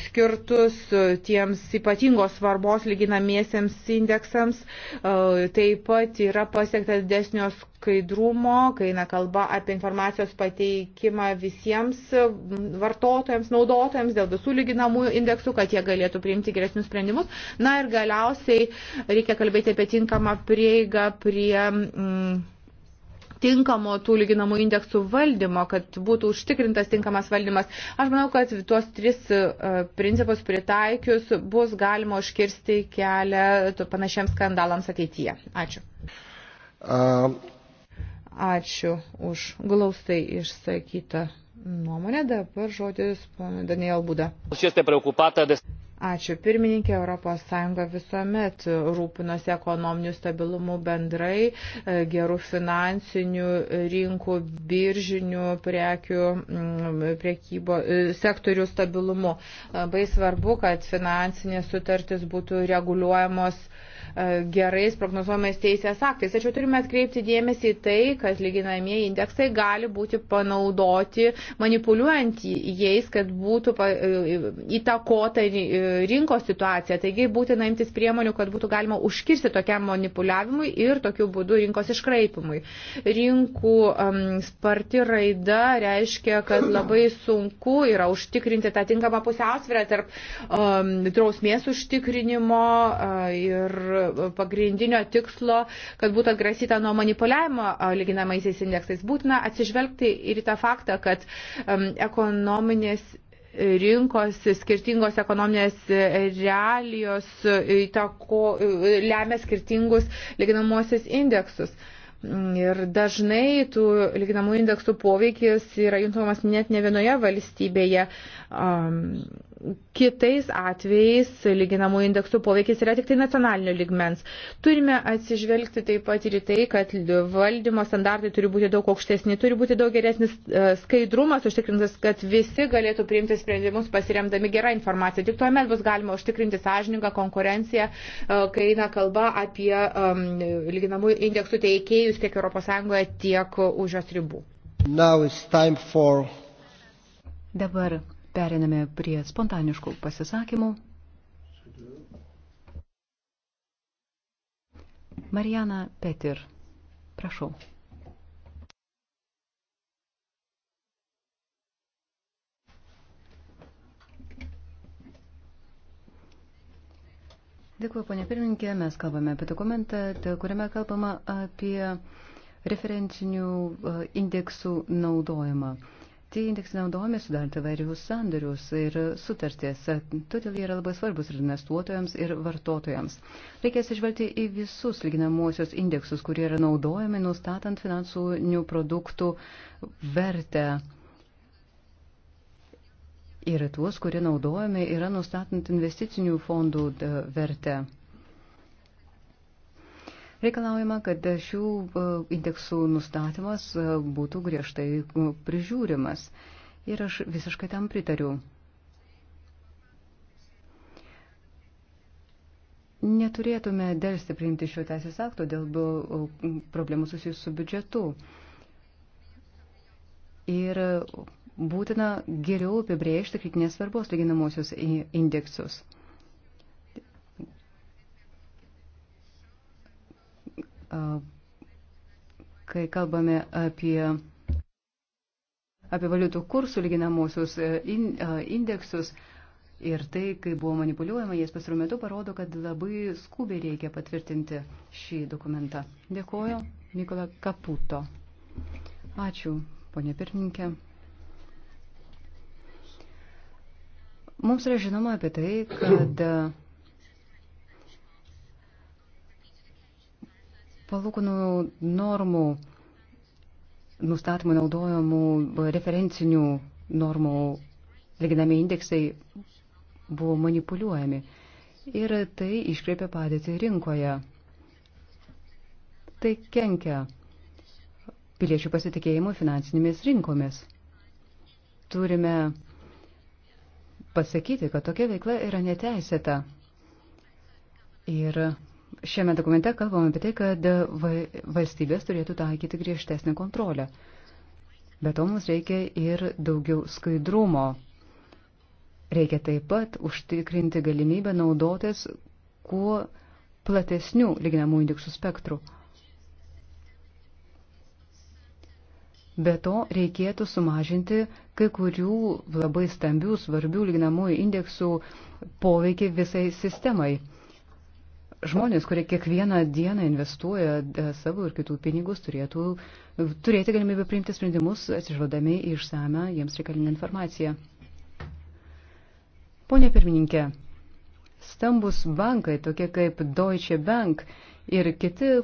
Speaker 3: skirtus e, tiems ypatingos svarbos lyginamiesiems indeksams. Taip pat yra pasiektas desnios skaidrumo, kai eina kalba apie informacijos pateikimą visiems vartotojams, naudotojams dėl visų lyginamųjų indeksų, kad jie galėtų priimti geresnius sprendimus. Na ir galiausiai reikia kalbėti apie tinkamą prieigą prie. Mm, tinkamo tų lyginamų indeksų valdymo, kad būtų užtikrintas tinkamas valdymas. Aš manau, kad tuos tris e, principus pritaikius bus galima užkirsti kelią panašiems skandalams ateityje. Ačiū. Um. Ačiū už glaustai išsakytą nuomonę. Dabar žodis ponui Daniel Buda. Ačiū pirmininkė, ES visuomet rūpinosi ekonominiu stabilumu bendrai, e, gerų finansinių rinkų, biržinių prekių, priekybo e, sektorių stabilumu. Labai svarbu, kad finansinės sutartys būtų reguliuojamos E, gerais prognozuojamais teisės aktais. Tačiau turime atkreipti dėmesį į tai, kad lyginamieji indeksai gali būti panaudoti manipuliuojant jais, kad būtų e, įtakota e, rinkos situacija. Taigi būtina imtis priemonių, kad būtų galima užkirsti tokiam manipuliavimui ir tokiu būdu rinkos iškraipimui. Rinkų um, sparti raida reiškia, kad labai sunku yra užtikrinti tą tinkamą pusiausvyrą tarp um, drausmės užtikrinimo uh, ir pagrindinio tikslo, kad būtų atgrasyta nuo manipuliavimo lyginamaisiais indeksais. Būtina atsižvelgti ir į tą faktą, kad ekonominės rinkos, skirtingos ekonominės realijos įtako, lemia skirtingus lyginamosius indeksus. Ir dažnai tų lyginamų indeksų poveikis yra juntamas net ne vienoje valstybėje. Um, Kitais atvejais lyginamų indeksų poveikis yra tik tai nacionalinio ligmens. Turime atsižvelgti taip pat ir į tai, kad valdymo standartai turi būti daug aukštesni, turi būti daug geresnis e, skaidrumas užtikrintas, kad visi galėtų priimti sprendimus pasiremdami gerą informaciją. Tik tuomet bus galima užtikrinti sąžininką konkurenciją, e, kai eina kalba apie um, lyginamų indeksų teikėjus tiek ES, tiek
Speaker 1: už jos ribų. Dabar
Speaker 2: Periname prie spontaniškų pasisakymų. Marijana Petir, prašau. Dėkuoju, ponė pirmininkė, mes kalbame apie dokumentą, kuriame kalbama apie referencinių e, indeksų naudojimą. Tie indeksai naudojami sudarant įvairius sandarius ir sutartys, todėl jie yra labai svarbus ir investuotojams, ir vartotojams. Reikės išvelgti į visus lyginamosios indeksus, kurie yra naudojami, nustatant finansinių produktų vertę. Ir tuos, kurie naudojami, yra nustatant investicinių fondų e, vertę. Reikalaujama, kad šių e, indeksų nustatymas e, būtų griežtai e, prižiūrimas. Ir aš visiškai tam pritariu. Neturėtume dėlsti priimti šio teisės akto dėl problemų susijusių su biudžetu. Ir būtina geriau apibrėžti kritinės svarbos lyginamosius indeksus. kai kalbame apie, apie valiutų kursų lyginamosius e, in, e, indeksus. Ir tai, kai buvo manipuliuojama jais pasirų metu, parodo, kad labai skubiai reikia patvirtinti šį dokumentą. Dėkuoju, Nikola Kaputo. Ačiū, ponė pirmininkė. Mums yra žinoma apie tai, kad palūkanų normų nustatymų naudojamų referencinių normų lyginami indeksai buvo manipuliuojami ir tai iškreipė padėtį rinkoje. Tai kenkia piliečių pasitikėjimo finansinėmis rinkomis. Turime pasakyti, kad tokia veikla yra neteisėta. Ir Šiame dokumente kalbame apie tai, kad valstybės turėtų taikyti griežtesnę kontrolę. Bet to mums reikia ir daugiau skaidrumo. Reikia taip pat užtikrinti galimybę naudotis kuo platesnių lyginamų indeksų spektrų. Be to reikėtų sumažinti kai kurių labai stambių, svarbių lyginamųjų indeksų poveikį visai sistemai žmonės, kurie kiekvieną dieną investuoja e, savo ir kitų pinigus, turėtų e, turėti galimybę priimti sprendimus, atsižvaldami į išsame jiems reikalingą informaciją. Pone pirmininkė, stambus bankai, tokie kaip Deutsche Bank ir kiti,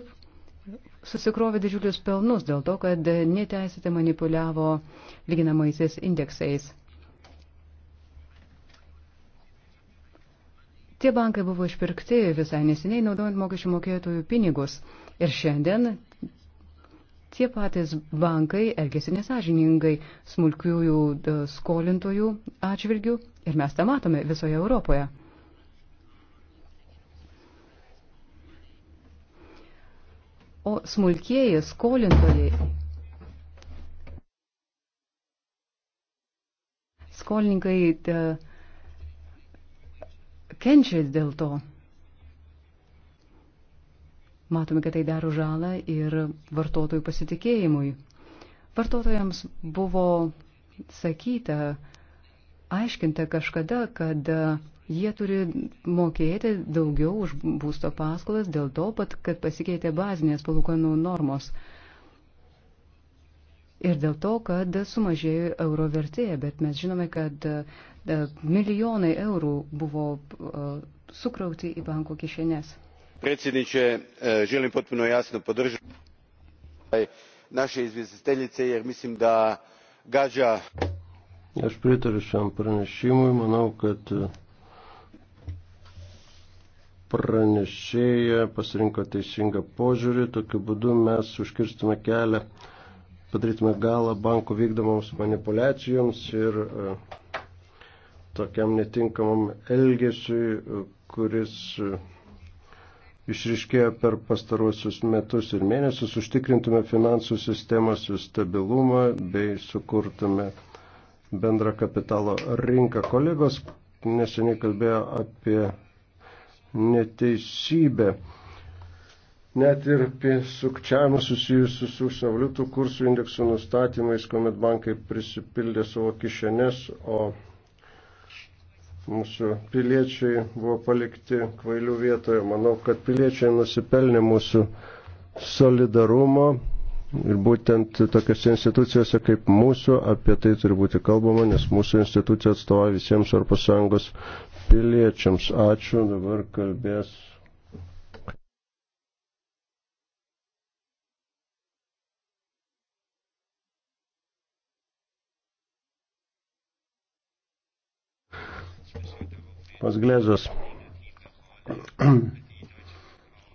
Speaker 2: susikrovė didžiulius pelnus dėl to, kad neteisėtai manipuliavo lyginamaisiais indeksais. Tie bankai buvo išpirkti visai neseniai naudojant mokesčių mokėtojų pinigus. Ir šiandien tie patys bankai elgesi nesažiningai smulkiųjų e, skolintojų atžvilgių ir mes tą matome visoje Europoje. O smulkieji skolintojai skolininkai e, kenčia dėl to. Matome, kad tai daro žalą ir vartotojų pasitikėjimui. Vartotojams buvo sakyta, aiškinta kažkada, kad jie turi mokėti daugiau už būsto paskolas dėl to, pat, kad pasikeitė bazinės palūkanų normos. Ir dėl to, kad sumažėjo euro vertėje, bet mes žinome, kad E, milijonai eurų buvo e, sukrauti į bankų kišenės.
Speaker 1: Predsjedniče, e, želim potpuno jasno podržati naše izvjestiteljice jer mislim da gađa... Aš pritariu šiam pranešimui, manau, kad pranešėja pasirinko teisingą požiūrį, tokiu būdu mes užkirstume kelią, padarytume galą bankų vykdomoms manipulacijoms ir uh, tokiam netinkamam elgesiui, kuris e, išriškėjo per pastaruosius metus ir mėnesius, užtikrintume finansų sistemos stabilumą bei sukurtume bendrą kapitalo rinką. Kolegos neseniai kalbėjo apie neteisybę, net ir apie sukčiavimą susijusius su savaliutų kursų indeksų nustatymais, kuomet bankai prisipildė savo kišenes, o mūsų piliečiai buvo palikti kvailių vietoje. Manau, kad piliečiai nusipelnė mūsų solidarumo ir būtent tokiose institucijose kaip mūsų apie tai turi būti kalbama, nes mūsų institucija atstovauja visiems Europos Sąjungos piliečiams. Ačiū, dabar kalbės Pas Glezos. <clears throat>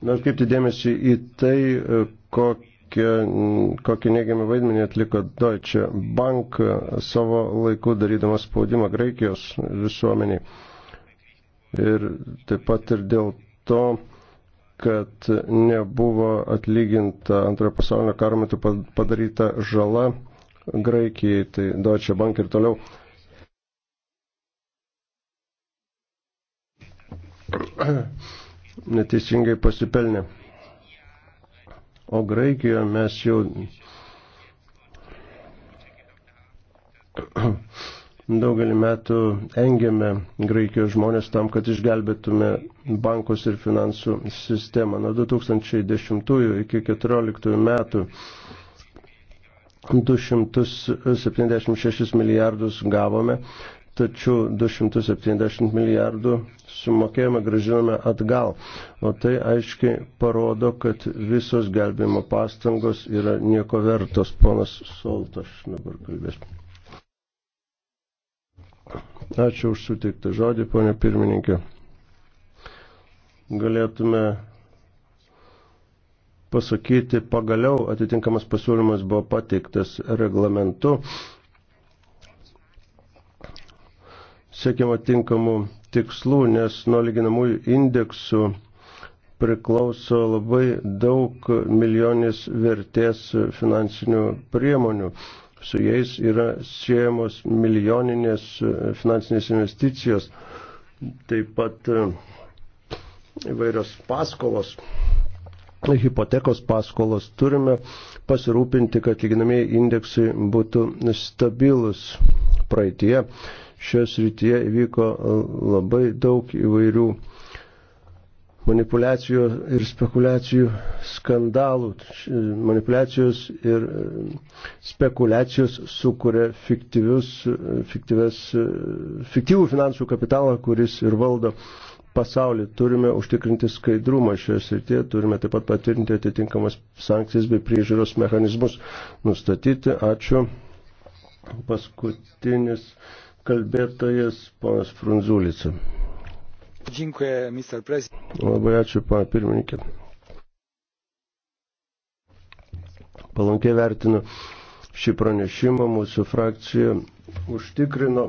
Speaker 1: Noriu atkreipti dėmesį į tai, e, kokią, kokį neigiamą vaidmenį atliko Deutsche Bank savo laiku darydamas spaudimą Graikijos visuomeniai. Ir taip pat ir dėl to, kad nebuvo atlyginta antrojo pasaulinio karo metu padaryta žala Graikijai, tai Deutsche Bank ir toliau <clears throat> neteisingai pasipelnė. O Graikijoje mes jau <clears throat> daugelį metų engėme Graikijos žmonės tam, kad išgelbėtume bankos ir finansų sistemą. Nuo 2010 iki 2014 metų 276 milijardus gavome tačiau 270 milijardų sumokėjome, gražiname atgal. O tai aiškiai parodo, kad visos gelbėjimo pastangos yra nieko vertos. Ponas Soltas dabar kalbės. Ačiū už sutiktą žodį, ponė pirmininkė. Galėtume pasakyti, pagaliau atitinkamas pasiūlymas buvo pateiktas reglamentu siekiama tinkamų tikslų, nes nuo lyginamųjų indeksų priklauso labai daug milijonis vertės finansinių priemonių. Su jais yra siejamos milijoninės finansinės investicijos, taip pat e, įvairios paskolos, hipotekos paskolos. Turime pasirūpinti, kad lyginamieji indeksai būtų stabilus praeitie šios rytyje įvyko e, labai daug įvairių manipulacijų ir spekulacijų skandalų. Manipulacijos ir e, spekulacijos sukuria e, fiktyvų finansų kapitalą, kuris ir valdo pasaulį. Turime užtikrinti skaidrumą šioje srityje, turime taip pat patvirtinti atitinkamas sankcijas bei priežiūros mechanizmus nustatyti. Ačiū. Paskutinis Kalbėtojas ponas Frunzulica. Dziękuję, Mr. President. Labai ačiū, pana pirmininkė. Palankiai vertinu šį pranešimą, mūsų frakcija užtikrino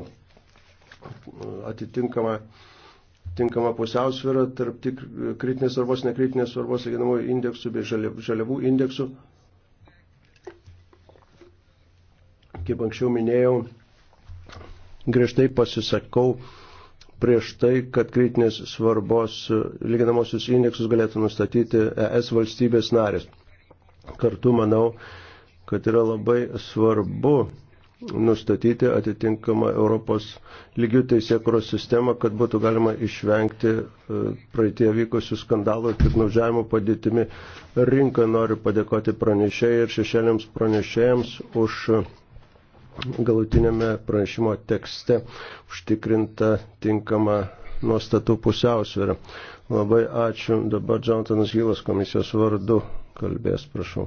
Speaker 1: atitinkamą tinkama pusiausvėra tarp tik kritinės svarbos, nekritinės svarbos lyginamųjų indeksų bei žaliavų indeksų. Kaip anksčiau minėjau, griežtai pasisakau prieš tai, kad kritinės svarbos e, lyginamosius indeksus galėtų nustatyti ES valstybės narės. Kartu manau, kad yra labai svarbu nustatyti atitinkamą Europos lygių teisėkuros sistemą, kad būtų galima išvengti e, praeitie vykusių skandalų ir piknaudžiavimo padėtimi rinką. Noriu padėkoti pranešėjai ir šešėliams pranešėjams už galutinėme pranešimo tekste užtikrinta tinkama nuostatų pusiausvėra. Labai ačiū. Dabar Jonathanas Gilas komisijos vardu kalbės, prašau.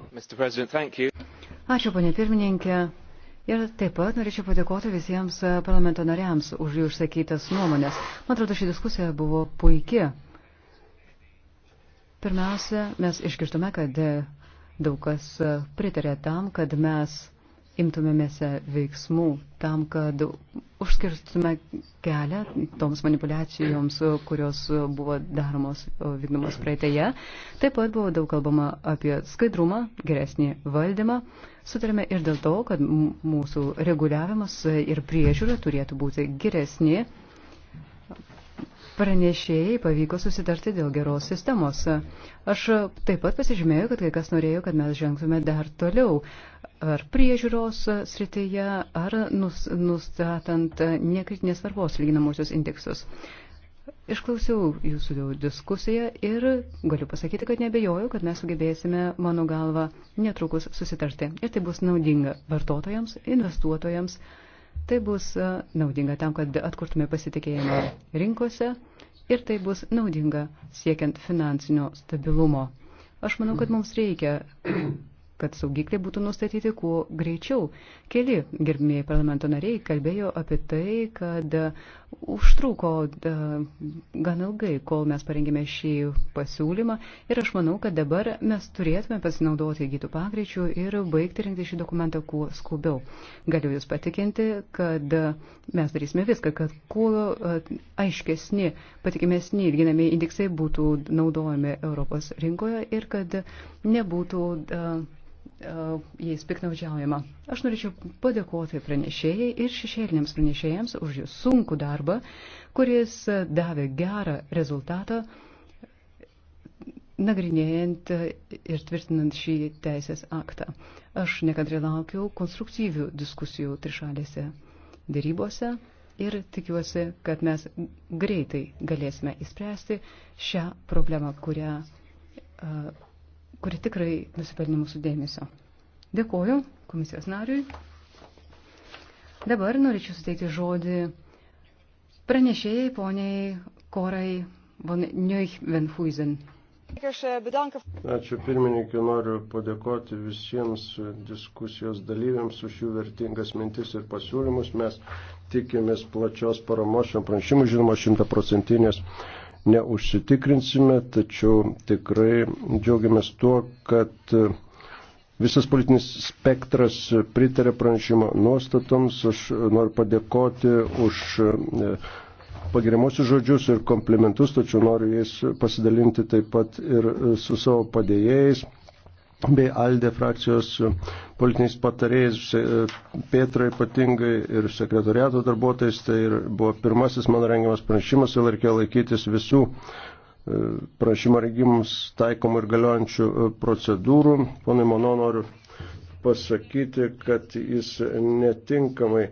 Speaker 2: Ačiū, ponė pirmininkė. Ir taip pat norėčiau padėkoti visiems parlamento nariams už jų išsakytas nuomonės. Man atrodo, ši diskusija buvo puikia. Pirmiausia, mes iškirtume, kad daug kas pritarė tam, kad mes imtumėmės veiksmų tam, kad užskirstume kelią toms manipulacijoms, kurios buvo daromos, vykdomos praeitėje. Taip pat buvo daug kalbama apie skaidrumą, geresnį valdymą. Sutarėme ir dėl to, kad mūsų reguliavimas ir priežiūra turėtų būti geresni pranešėjai pavyko susitarti dėl geros sistemos. Aš taip pat pasižymėjau, kad kai kas norėjo, kad mes žengtume dar toliau. Ar priežiūros srityje, ar nustatant nekritinės svarbos lyginamosios indeksus. Išklausiau jūsų diskusiją ir galiu pasakyti, kad nebejoju, kad mes sugebėsime, mano galva, netrukus susitarti. Ir tai bus naudinga vartotojams, investuotojams, investuotojams Tai bus e, naudinga tam, kad atkurtume pasitikėjimą rinkose ir tai bus naudinga siekiant finansinio stabilumo. Aš manau, kad mums reikia kad saugikliai būtų nustatyti kuo greičiau. Keli gerbimieji parlamento nariai kalbėjo apie tai, kad užtruko gan ilgai, kol mes parengėme šį pasiūlymą ir aš manau, kad dabar mes turėtume pasinaudoti įgytų pagreičių ir baigti rinkti šį dokumentą kuo skubiau. Galiu Jūs patikinti, kad mes darysime viską, kad kuo aiškesni, patikimesni ir ginami indeksai būtų naudojami Europos rinkoje ir kad nebūtų uh, E, jais piknaudžiaujama. Aš norėčiau padėkoti pranešėjai ir šešėliniams pranešėjams už jų sunkų darbą, kuris davė gerą rezultatą nagrinėjant ir tvirtinant šį teisės aktą. Aš nekantri laukiu konstruktyvių diskusijų trišalėse dėrybose ir tikiuosi, kad mes greitai galėsime įspręsti šią problemą, kurią uh, kuri tikrai nusipelnė mūsų dėmesio. Dėkoju komisijos nariui. Dabar norėčiau suteikti žodį pranešėjai poniai Korai von Neuchvenhuizen. Ačiū
Speaker 1: pirmininkė, noriu padėkoti visiems diskusijos dalyviams už jų vertingas mintis ir pasiūlymus. Mes tikimės plačios paramos šiam pranešimui, žinoma, šimtaprocentinės. procentinės neužsitikrinsime, tačiau tikrai džiaugiamės tuo, kad visas politinis spektras pritarė pranešimo nuostatoms. Aš noriu padėkoti už e, pagiriamosius žodžius ir komplimentus, tačiau noriu jais pasidalinti taip pat ir e, su savo padėjėjais bei Aldė frakcijos politiniais patarėjais, e, Petra ypatingai ir sekretoriato darbuotojais. Tai ir buvo pirmasis mano rengiamas pranešimas ir reikėjo laikytis visų e, pranešimo rengimams taikomų ir galiojančių e, procedūrų. Ponai Mono noriu pasakyti, kad jis netinkamai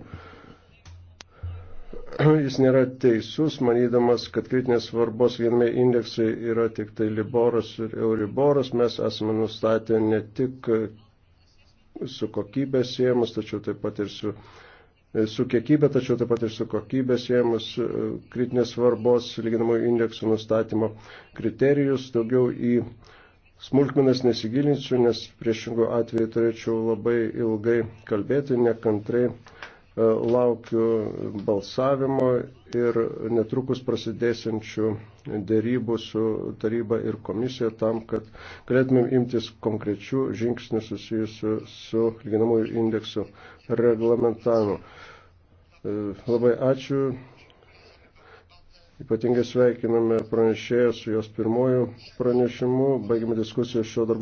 Speaker 1: <clears throat> jis nėra teisus, manydamas, kad kritinės svarbos viename indeksai yra tik tai Liboras ir Euriboras. Mes esame nustatę ne tik e, su kokybė siejamas, tačiau taip pat ir su, e, su kiekybė, tačiau taip pat ir su kokybė siejamas e, kritinės svarbos lyginamųjų indeksų nustatymo kriterijus. Daugiau į smulkmenas nesigilinsiu, nes priešingų atveju turėčiau labai ilgai kalbėti, nekantrai E, laukiu balsavimo ir netrukus prasidėsiančių dėrybų su taryba ir komisija tam, kad galėtumėm imtis konkrečių žingsnių susijusių su lyginamųjų indeksų reglamentavimu. E, labai ačiū. Ypatingai sveikiname pranešėją su jos pirmoju pranešimu. Baigime diskusiją šio darbo.